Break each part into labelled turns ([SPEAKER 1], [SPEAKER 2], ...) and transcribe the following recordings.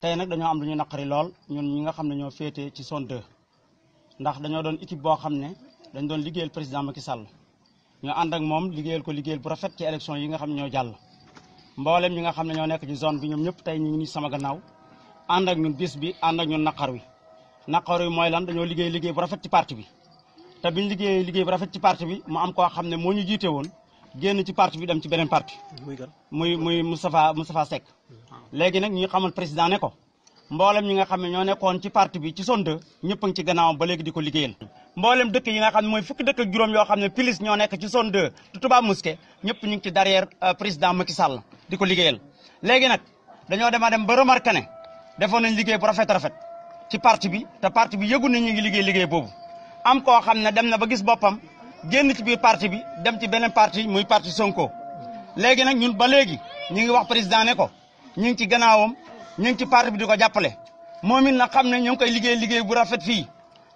[SPEAKER 1] tey nag dañoo am lu ñu naqari lool ñun ñi nga xam ne ñoo féetee ci zone 2 ndax dañoo doon équipe boo xam ne dañ doon liggéeyal président Macky Sall ñu ànd ak moom liggéeyal ko liggéeyal bu rafet ci élection yi nga xam ne ñoo jàll mboolem ñi nga xam ne ñoo nekk ci zone bi ñoom ñëpp tey ñu ngi sama gannaaw ànd ak ñun bis bi ànd ak ñun naqar wi naqar wi mooy lan dañoo liggéey liggéey bu rafet ci parti bi te biñ liggéey liggéey bu rafet ci parti bi mu am koo xam ne moo ñu jiite woon génn ci parti bi dem ci beneen parti muy muy Moustapha Moustapha Seck légui nak ñi xamal président ne ko mbolam ñi nga xam ño ñoo ci parti bi ci son ñëpp ñepp ngi ci gannaawam ba légui diko liggéeyal mbolam dëkk yi nga xam moy fukk dëkk ak juroom yo xam police ño ñoo nekk ci son 2 du Touba Mosquée ñëpp ñu ci derrière euh, président Macky Sall diko liggéeyal légui nak dañoo déma dem ba remarquer ne defoon nañ liggéey bu rafet rafet ci parti bi te parti bi yëgu nañ ñi ngi liggéey liggéey bobu am ko xam dem na ba gis bopam génn ci biir parti bi dem ci benen parti muy parti Sonko légui nak ñun ba légui ñi ngi wax président ne ko ñu ngi ci gannaawam ñu ngi ci parti bi di ko jàppale moom it nag xam ne ñu ngi koy liggéey liggéey bu rafet fii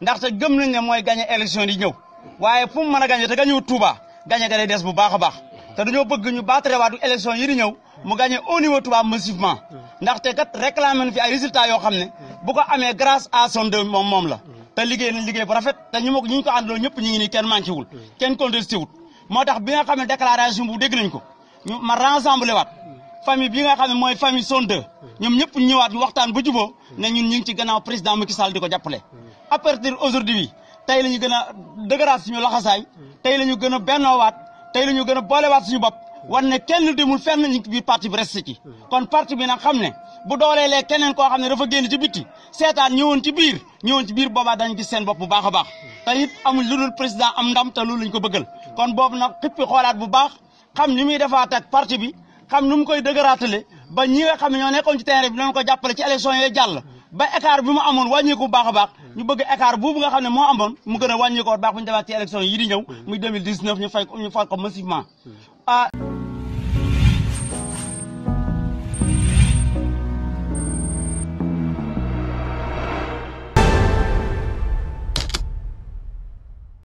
[SPEAKER 1] ndaxte gëm nañ ne mooy gagné élection yi ñëw waaye fu mu mën a gagné te gagné wu Touba ga day des bu baax a baax te dañoo bëgg ñu baatarewaatu élection yi di ñëw mu gagné au niveau Touba massivement ndaxte kat réclamé na fi ay résultats yoo xam ne bu ko amee grace à son deux moom moom la te liggéey na liggéey bu rafet te ñu ma ñi ñu ñëpp ñu ngi nii kenn manqué wul kenn contesté wul moo tax bi nga xam ne déclaration bu dégg nañ ko ñu ma rassemblé waat famille bi nga xam ne mooy famille Sonde hmm. ñoom ñëpp ñëwaat waxtaan ba jubóo hmm. ne ñun ñu ngi ci gannaaw président Macky Sall di ko jàppale. Hmm. à partir aujourd'hui tey la ñu gën a dëgëraat suñu laxasaay tey la ñu gën a bennoowaat tey la ñu gën a boolewaat suñu bopp war ne kenn demul fenn ñu biir parti bi resté ci. kon parti bi nag xam ne bu dooleelee keneen koo xam ne dafa génn ci bitti seetaan ñëwoon ci biir ñëwoon ci biir boobaa dañu gis seen bopp bu baax a baax. te it amul lu dul président am ndam ta loolu lañ ko bëggal kon boobu na xippi xoolaat bu baax xam ni muy defaat ak parti bi xam nu mu koy dëgëraatale ba ñi nga xam ne ñoo nekkoon ci terrain bi dinañ ko jàppale ci élection yooyu jàll ba écart bi mu amoon wàññeeku bu baax a baax ñu bëgg écart boobu nga xam ne moo amoon mu gën a wàññeeku baax bu ñu demaat ci élection yi di ñëw muy 2019 ñu fay ñu massivement